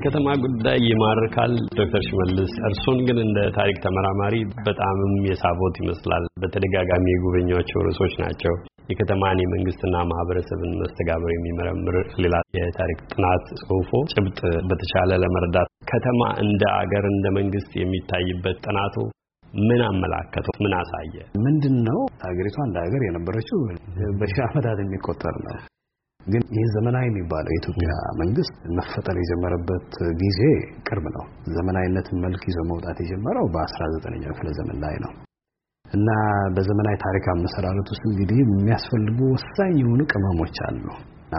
የከተማ ጉዳይ ይማርካል ዶክተር ሽመልስ እርሶን ግን እንደ ታሪክ ተመራማሪ በጣምም የሳቦት ይመስላል። በተደጋጋሚ የጎበኟቸው ርዕሶች ናቸው። የከተማን የመንግስትና ማህበረሰብን መስተጋብር የሚመረምር ሌላ የታሪክ ጥናት ጽሁፎ ጭብጥ በተቻለ ለመረዳት ከተማ እንደ አገር እንደ መንግስት የሚታይበት ጥናቱ ምን አመላከቱ? ምን አሳየ? ምንድን ነው ሀገሪቷ እንደ ሀገር የነበረችው በሺህ ዓመታት የሚቆጠር ነው። ግን ይህ ዘመናዊ የሚባለው የኢትዮጵያ መንግስት መፈጠር የጀመረበት ጊዜ ቅርብ ነው። ዘመናዊነትን መልክ ይዞ መውጣት የጀመረው በአስራ ዘጠነኛው ክፍለ ዘመን ላይ ነው እና በዘመናዊ ታሪክ አመሰራረት ውስጥ እንግዲህ የሚያስፈልጉ ወሳኝ የሆኑ ቅመሞች አሉ።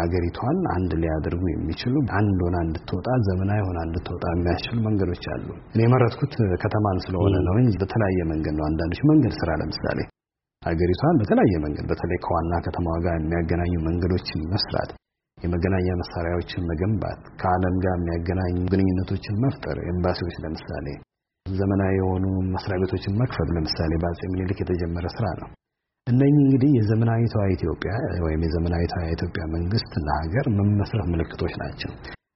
ሀገሪቷን አንድ ሊያደርጉ የሚችሉ አንድ ሆና እንድትወጣ ዘመናዊ ሆና እንድትወጣ የሚያስችሉ መንገዶች አሉ። እኔ የመረጥኩት ከተማን ስለሆነ ነው እንጂ በተለያየ መንገድ ነው። አንዳንዶች መንገድ ስራ ለምሳሌ ሀገሪቷን በተለያየ መንገድ በተለይ ከዋና ከተማ ጋር የሚያገናኙ መንገዶችን መስራት፣ የመገናኛ መሳሪያዎችን መገንባት፣ ከዓለም ጋር የሚያገናኙ ግንኙነቶችን መፍጠር፣ ኤምባሲዎች ለምሳሌ ዘመናዊ የሆኑ መስሪያ ቤቶችን መክፈት ለምሳሌ በአጼ ምኒልክ የተጀመረ ስራ ነው። እነኚህ እንግዲህ የዘመናዊቷ ኢትዮጵያ ወይም የዘመናዊቷ ኢትዮጵያ መንግስትና ሀገር መመስረት ምልክቶች ናቸው።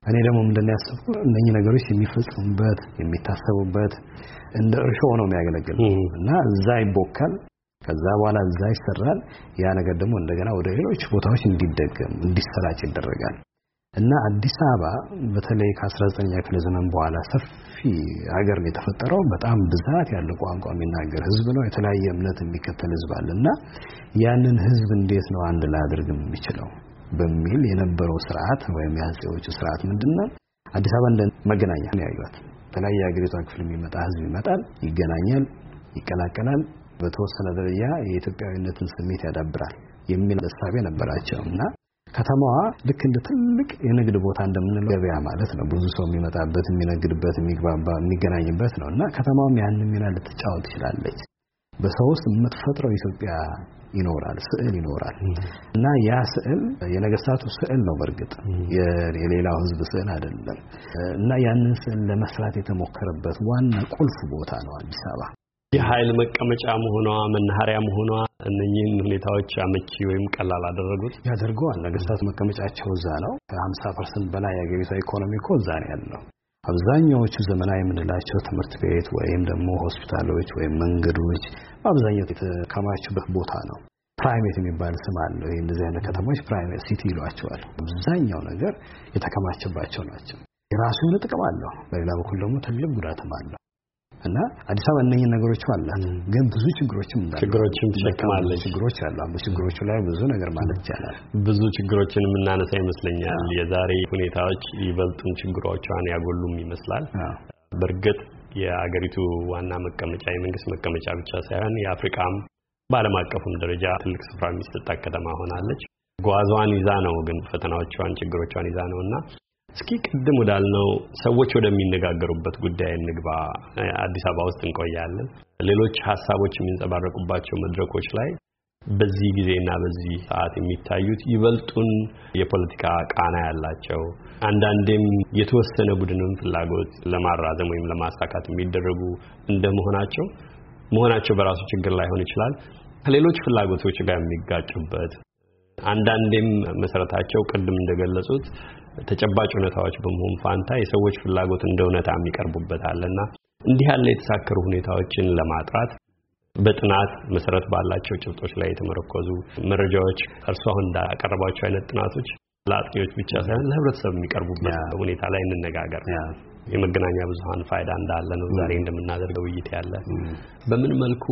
እኔ ደግሞ ምንድን ያሰብኩ እነኚህ ነገሮች የሚፈጽሙበት የሚታሰቡበት እንደ እርሾ ነው የሚያገለግል እና እዛ ይቦካል ከዛ በኋላ እዛ ይሰራል። ያ ነገር ደግሞ እንደገና ወደ ሌሎች ቦታዎች እንዲደገም እንዲሰራጭ ይደረጋል እና አዲስ አበባ በተለይ ከ19ኛ ክፍለ ዘመን በኋላ ሰፊ ሀገር ነው የተፈጠረው። በጣም ብዛት ያለው ቋንቋ የሚናገር ህዝብ ነው። የተለያየ እምነት የሚከተል ህዝብ አለ እና ያንን ህዝብ እንዴት ነው አንድ ላይ የሚችለው በሚል የነበረው ስርዓት ወይም የአፄዎቹ ስርዓት ምንድነው? አዲስ አበባ እንደ መገናኛ ነው ያዩት። የተለያየ ሀገሪቷ ክፍል የሚመጣ ህዝብ ይመጣል፣ ይገናኛል፣ ይቀላቀላል በተወሰነ ደረጃ የኢትዮጵያዊነትን ስሜት ያዳብራል የሚል እሳቤ ነበራቸው እና ከተማዋ ልክ እንደ ትልቅ የንግድ ቦታ እንደምንለው ገበያ ማለት ነው። ብዙ ሰው የሚመጣበት፣ የሚነግድበት፣ የሚግባባ የሚገናኝበት ነው እና ከተማዋም ያንን ሚና ልትጫወት ትችላለች። በሰው ውስጥ የምትፈጥረው ኢትዮጵያ ይኖራል፣ ስዕል ይኖራል እና ያ ስዕል የነገስታቱ ስዕል ነው። በእርግጥ የሌላው ሕዝብ ስዕል አይደለም እና ያንን ስዕል ለመስራት የተሞከረበት ዋና ቁልፍ ቦታ ነው አዲስ አበባ። የኃይል መቀመጫ መሆኗ መናኸሪያ መሆኗ እነኚህን ሁኔታዎች አመቺ ወይም ቀላል አደረጉት ያደርገዋል። ነገስታት መቀመጫቸው እዛ ነው። ከሀምሳ ፐርሰንት በላይ የአገሪቷ ኢኮኖሚ እኮ እዛ ነው ያለው። አብዛኛዎቹ ዘመናዊ የምንላቸው ትምህርት ቤት ወይም ደግሞ ሆስፒታሎች ወይም መንገዶች በአብዛኛው የተከማቹበት ቦታ ነው። ፕራይሜት የሚባል ስም አለው። ይህ እንደዚህ አይነት ከተሞች ፕራይሜት ሲቲ ይሏቸዋል። አብዛኛው ነገር የተከማቸባቸው ናቸው። የራሱ የሆነ ጥቅም አለው፣ በሌላ በኩል ደግሞ ትልቅ ጉዳትም አለው። እና አዲስ አበባ እነኝህ ነገሮች አላት፣ ግን ብዙ ችግሮችም እንዳሉ ችግሮችም ትሸክማለች። ችግሮች አሉ። ችግሮቹ ላይ ብዙ ነገር ማለት ይቻላል። ብዙ ችግሮችን የምናነሳ ይመስለኛል። የዛሬ ሁኔታዎች ይበልጡን ችግሮቿን ያጎሉም ይመስላል። በእርግጥ የአገሪቱ ዋና መቀመጫ የመንግስት መቀመጫ ብቻ ሳይሆን የአፍሪካም በዓለም አቀፉም ደረጃ ትልቅ ስፍራ የሚሰጣት ከተማ ሆናለች። ጓዟን ይዛ ነው ግን ፈተናዎቿን ችግሮቿን ይዛ ነው እና እስኪ ቅድም ወዳልነው ሰዎች ወደሚነጋገሩበት ጉዳይ እንግባ። አዲስ አበባ ውስጥ እንቆያለን። ሌሎች ሀሳቦች የሚንጸባረቁባቸው መድረኮች ላይ በዚህ ጊዜና በዚህ ሰዓት የሚታዩት ይበልጡን የፖለቲካ ቃና ያላቸው አንዳንዴም የተወሰነ ቡድንም ፍላጎት ለማራዘም ወይም ለማሳካት የሚደረጉ እንደመሆናቸው መሆናቸው በራሱ ችግር ላይሆን ይችላል። ከሌሎች ፍላጎቶች ጋር የሚጋጩበት አንዳንዴም መሰረታቸው ቅድም እንደገለጹት ተጨባጭ ሁኔታዎች በመሆን ፋንታ የሰዎች ፍላጎት እንደ እውነታ አለና እንዲህ ያለ የተሳከሩ ሁኔታዎችን ለማጥራት በጥናት መሰረት ባላቸው ጭብጦች ላይ የተመረኮዙ መረጃዎች እርሱ አሁን እንዳቀረባቸው አይነት ጥናቶች ለአጥቂዎች ብቻ ሳይሆን ለህብረተሰብ የሚቀርቡበት ሁኔታ ላይ እንነጋገር። የመገናኛ ብዙሃን ፋይዳ እንዳለ ነው ዛሬ እንደምናደርገው ውይይት ያለ። በምን መልኩ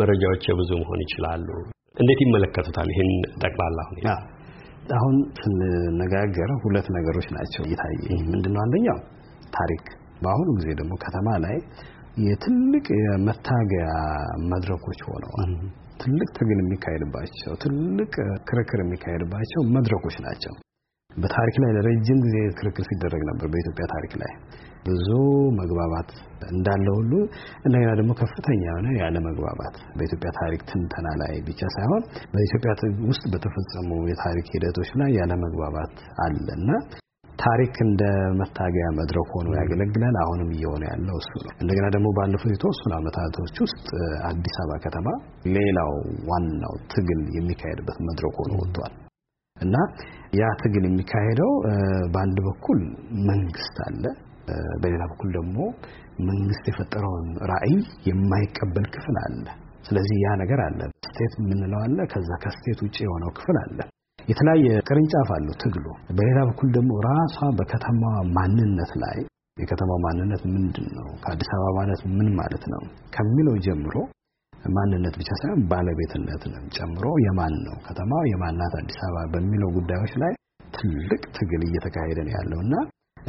መረጃዎች የብዙ መሆን ይችላሉ? እንዴት ይመለከቱታል? ይህን ጠቅላላ ሁኔታ አሁን ስንነጋገር ሁለት ነገሮች ናቸው እየታየ ምንድነው? አንደኛው ታሪክ በአሁኑ ጊዜ ደግሞ ከተማ ላይ የትልቅ የመታገያ መድረኮች ሆነው ትልቅ ትግል የሚካሄድባቸው፣ ትልቅ ክርክር የሚካሄድባቸው መድረኮች ናቸው። በታሪክ ላይ ለረጅም ጊዜ ክርክር ሲደረግ ነበር። በኢትዮጵያ ታሪክ ላይ ብዙ መግባባት እንዳለ ሁሉ እንደገና ደግሞ ከፍተኛ የሆነ ያለ መግባባት በኢትዮጵያ ታሪክ ትንተና ላይ ብቻ ሳይሆን በኢትዮጵያ ውስጥ በተፈጸሙ የታሪክ ሂደቶች ላይ ያለ መግባባት አለ እና ታሪክ እንደ መታገያ መድረክ ሆኖ ያገለግላል። አሁንም እየሆነ ያለው እሱ ነው። እንደገና ደግሞ ባለፉት የተወሰኑ ዓመታቶች ውስጥ አዲስ አበባ ከተማ ሌላው ዋናው ትግል የሚካሄድበት መድረክ ሆኖ ወጥቷል። እና ያ ትግል የሚካሄደው በአንድ በኩል መንግስት አለ፣ በሌላ በኩል ደግሞ መንግስት የፈጠረውን ራዕይ የማይቀበል ክፍል አለ። ስለዚህ ያ ነገር አለ። ስቴት የምንለው አለ፣ ከዛ ከስቴት ውጭ የሆነው ክፍል አለ። የተለያየ ቅርንጫፍ አለው ትግሉ። በሌላ በኩል ደግሞ ራሷ በከተማዋ ማንነት ላይ የከተማ ማንነት ምንድን ነው፣ ከአዲስ አበባ ማለት ምን ማለት ነው ከሚለው ጀምሮ ማንነት ብቻ ሳይሆን ባለቤትነትንም ጨምሮ የማን ነው ከተማው የማን ናት አዲስ አበባ በሚለው ጉዳዮች ላይ ትልቅ ትግል እየተካሄደ ነው ያለውና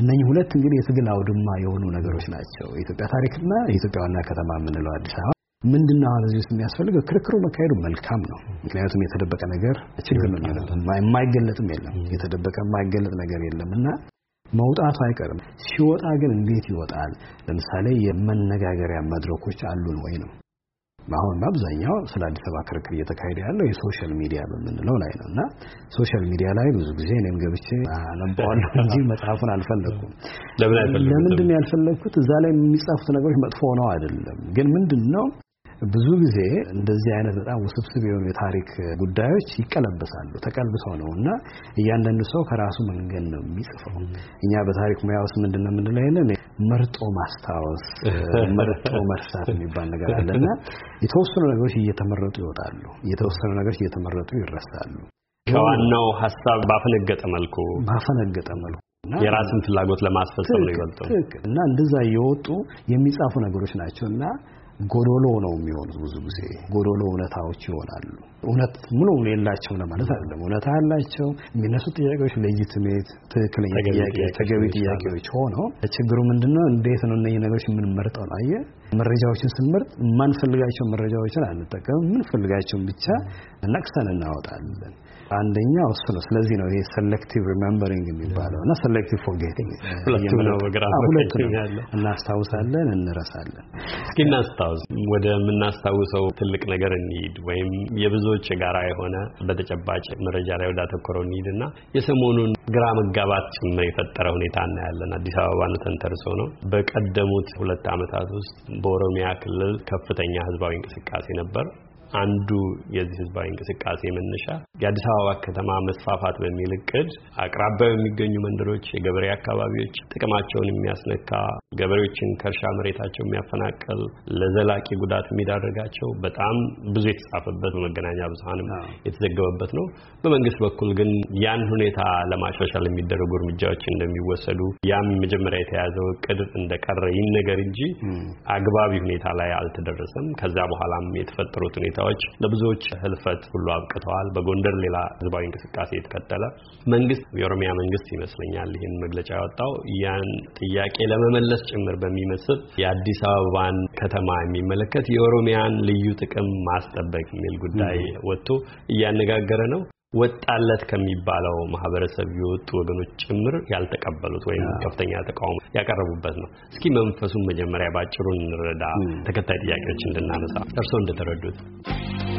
እነኚህ ሁለት እንግዲህ የትግል አውድማ የሆኑ ነገሮች ናቸው። የኢትዮጵያ ታሪክና የኢትዮጵያ ዋና ከተማ የምንለው አዲስ አበባ ምንድነው? አሁን እዚህ ውስጥ የሚያስፈልገው ክርክሩ መካሄዱ መልካም ነው። ምክንያቱም የተደበቀ ነገር ችግር ነው፣ የማይገለጥም የለም የተደበቀ የማይገለጥ ነገር የለም እና መውጣቱ አይቀርም። ሲወጣ ግን እንዴት ይወጣል? ለምሳሌ የመነጋገሪያ መድረኮች አሉን ወይ ነው አሁን በአብዛኛው ስለ አዲስ አበባ ክርክር እየተካሄደ ያለው የሶሻል ሚዲያ በምንለው ላይ ነው እና ሶሻል ሚዲያ ላይ ብዙ ጊዜ እኔም ገብቼ አነባዋለሁ እንጂ መጽሐፉን አልፈለኩም። ለምንድን ነው ያልፈለግኩት? እዛ ላይ የሚጻፉት ነገሮች መጥፎ ነው አይደለም፣ ግን ምንድን ነው ብዙ ጊዜ እንደዚህ አይነት በጣም ውስብስብ የሆኑ የታሪክ ጉዳዮች ይቀለበሳሉ፣ ተቀልብሰው ነው እና እያንዳንዱ ሰው ከራሱ መንገድ ነው የሚጽፈው። እኛ በታሪክ ሙያ ውስጥ ምንድን ነው የምንለው መርጦ ማስታወስ መርጦ መርሳት የሚባል ነገር እና የተወሰኑ ነገሮች እየተመረጡ ይወጣሉ፣ የተወሰኑ ነገሮች እየተመረጡ ይረሳሉ። ከዋናው ሀሳብ ባፈነገጠ መልኩ ባፈነገጠ መልኩ የራስን ፍላጎት ለማስፈጸም ነው ይበልጠው እና እንደዛ እየወጡ የሚጻፉ ነገሮች ናቸው እና ጎዶሎ ነው የሚሆኑት። ብዙ ጊዜ ጎዶሎ እውነታዎች ይሆናሉ። እውነት ሙሉ የላቸው ለማለት አይደለም። እውነታ ያላቸው የሚነሱ ጥያቄዎች ሌጂትሜት፣ ትክክለኛ ጥያቄ፣ ተገቢ ጥያቄዎች ሆነው ችግሩ ምንድነው? እንዴት ነው እነዚህ ነገሮች የምንመርጠው? አየህ መረጃዎችን ስንመርጥ የማንፈልጋቸው መረጃዎችን አንጠቀምም። የምንፈልጋቸውን ብቻ ነቅሰን እናወጣለን። አንደኛ እሱ ነው። ስለዚህ ነው ይሄ ሴሌክቲቭ ሪሜምበሪንግ የሚባለው እና ሴሌክቲቭ ፎርጌቲንግ ሁለቱም ነው። እናስታውሳለን፣ እንረሳለን። እስኪ እናስታውስ። ወደምናስታውሰው ትልቅ ነገር እንሂድ፣ ወይም የብዙዎች የጋራ የሆነ በተጨባጭ መረጃ ላይ ወዳተኮረው እንሂድ እና የሰሞኑን ግራ መጋባት ጭምር የፈጠረ ሁኔታ እናያለን። አዲስ ነው ተንተርሶ ነው በቀደሙት ሁለት ዓመታት ውስጥ በኦሮሚያ ክልል ከፍተኛ ህዝባዊ እንቅስቃሴ ነበር። አንዱ የዚህ ህዝባዊ እንቅስቃሴ መነሻ የአዲስ አበባ ከተማ መስፋፋት በሚል እቅድ አቅራቢያ የሚገኙ መንደሮች፣ የገበሬ አካባቢዎች ጥቅማቸውን የሚያስነካ ገበሬዎችን ከእርሻ መሬታቸው የሚያፈናቀል ለዘላቂ ጉዳት የሚዳረጋቸው በጣም ብዙ የተጻፈበት በመገናኛ ብዙኃንም የተዘገበበት ነው። በመንግስት በኩል ግን ያን ሁኔታ ለማሻሻል የሚደረጉ እርምጃዎች እንደሚወሰዱ ያም መጀመሪያ የተያዘው እቅድ እንደቀረ ይነገር እንጂ አግባቢ ሁኔታ ላይ አልተደረሰም። ከዛ በኋላም የተፈጠሩት ሁኔታ ሁኔታዎች ለብዙዎች ህልፈት ሁሉ አብቅተዋል። በጎንደር ሌላ ህዝባዊ እንቅስቃሴ የተከተለ መንግስት፣ የኦሮሚያ መንግስት ይመስለኛል ይህን መግለጫ ያወጣው ያን ጥያቄ ለመመለስ ጭምር በሚመስል የአዲስ አበባን ከተማ የሚመለከት የኦሮሚያን ልዩ ጥቅም ማስጠበቅ የሚል ጉዳይ ወጥቶ እያነጋገረ ነው። ወጣለት ከሚባለው ማህበረሰብ የወጡ ወገኖች ጭምር ያልተቀበሉት ወይም ከፍተኛ ተቃውሞ ያቀረቡበት ነው። እስኪ መንፈሱን መጀመሪያ ባጭሩ እንረዳ፣ ተከታይ ጥያቄዎች እንድናነሳ እርስዎ እንደተረዱት